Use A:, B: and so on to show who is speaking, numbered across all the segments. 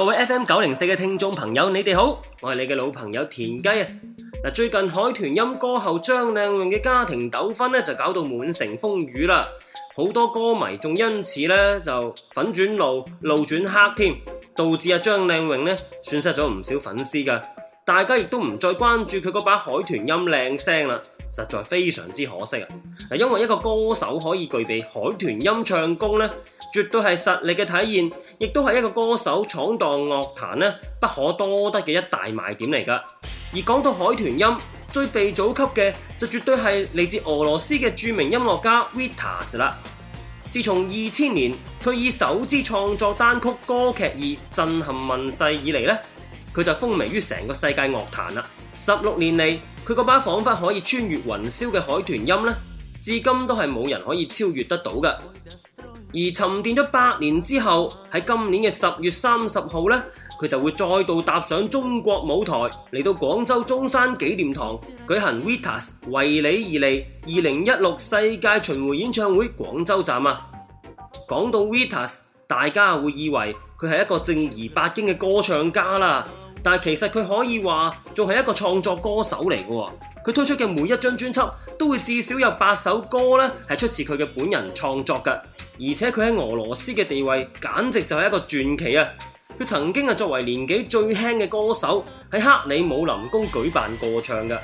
A: 各位 FM 九零四嘅聽眾朋友，你哋好，我係你嘅老朋友田雞啊！最近海豚音歌后張靚穎嘅家庭糾紛咧，就搞到滿城風雨啦，好多歌迷仲因此呢就粉轉路、路轉黑添，導致阿、啊、張靚穎呢損失咗唔少粉絲噶，大家亦都唔再關注佢嗰把海豚音靚聲啦。實在非常之可惜啊！因為一個歌手可以具備海豚音唱功咧，絕對係實力嘅體現，亦都係一個歌手闖蕩樂壇咧不可多得嘅一大賣點嚟噶。而講到海豚音最鼻祖級嘅，就絕對係嚟自俄羅斯嘅著名音樂家 Vitas 啦。自從二千年佢以首支創作單曲歌劇而震撼問世以嚟咧。佢就風靡於成個世界樂壇啦！十六年嚟，佢嗰把彷彿可以穿越雲霄嘅海豚音呢，至今都係冇人可以超越得到嘅。而沉澱咗八年之後，喺今年嘅十月三十號呢，佢就會再度踏上中國舞台，嚟到廣州中山紀念堂舉行 Vitas 為你而嚟二零一六世界巡迴演唱會廣州站啊！講到 Vitas，大家會以為佢係一個正兒八經嘅歌唱家啦，但係其實佢可以話仲係一個創作歌手嚟嘅。佢推出嘅每一張專輯都會至少有八首歌咧係出自佢嘅本人創作嘅，而且佢喺俄羅斯嘅地位簡直就係一個傳奇啊！佢曾經啊作為年紀最輕嘅歌手喺克里姆林宮舉辦歌唱嘅。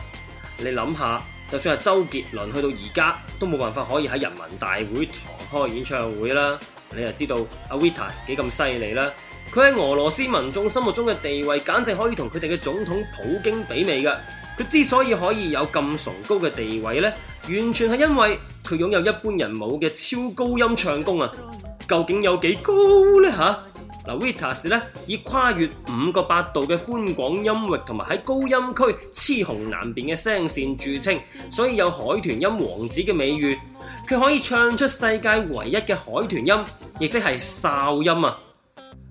A: 你諗下，就算係周杰倫去到而家都冇辦法可以喺人民大會堂開演唱會啦。你就知道阿 Vitas 幾咁犀利啦？佢喺俄羅斯民眾心目中嘅地位簡直可以同佢哋嘅總統普京媲美㗎。佢之所以可以有咁崇高嘅地位咧，完全係因為佢擁有一般人冇嘅超高音唱功啊！究竟有幾高呢？吓、啊？嗱 Vitas 咧，以跨越五個八度嘅寬廣音域，同埋喺高音區雌雄難辨嘅聲線著稱，所以有海豚音王子嘅美譽。佢可以唱出世界唯一嘅海豚音，亦即係哨音啊！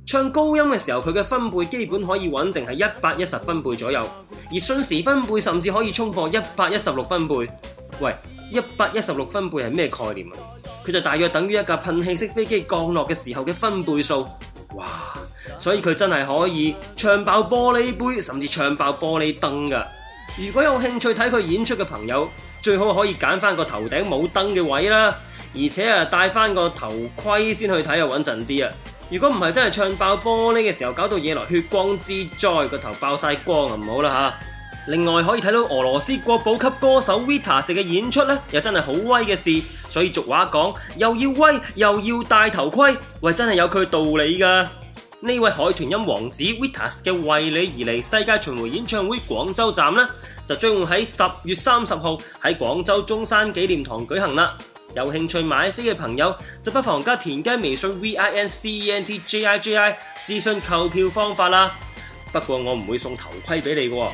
A: 唱高音嘅時候，佢嘅分貝基本可以穩定係一百一十分貝左右，而瞬時分貝甚至可以衝破一百一十六分貝。喂，一百一十六分貝係咩概念啊？佢就大約等於一架噴氣式飛機降落嘅時候嘅分貝數。哇！所以佢真係可以唱爆玻璃杯，甚至唱爆玻璃燈噶。如果有興趣睇佢演出嘅朋友，最好可以揀翻個頭頂冇燈嘅位啦，而且啊，戴翻個頭盔先去睇，又穩陣啲啊。如果唔係，真係唱爆玻璃嘅時候，搞到惹來血光之災，個頭爆晒光啊，唔好啦吓。另外可以睇到俄羅斯國寶級歌手 Vitas 嘅演出呢，又真係好威嘅事。所以俗話講，又要威又要戴頭盔，喂，真係有佢道理噶。呢位海豚音王子 Vitas 嘅為你而嚟世界巡迴演唱會廣州站呢，就將會喺十月三十號喺廣州中山紀念堂舉行啦。有興趣買飛嘅朋友，就不妨加田雞微信 v i n c e n t j i g i 諮詢購票方法啦。不過我唔會送頭盔俾你嘅。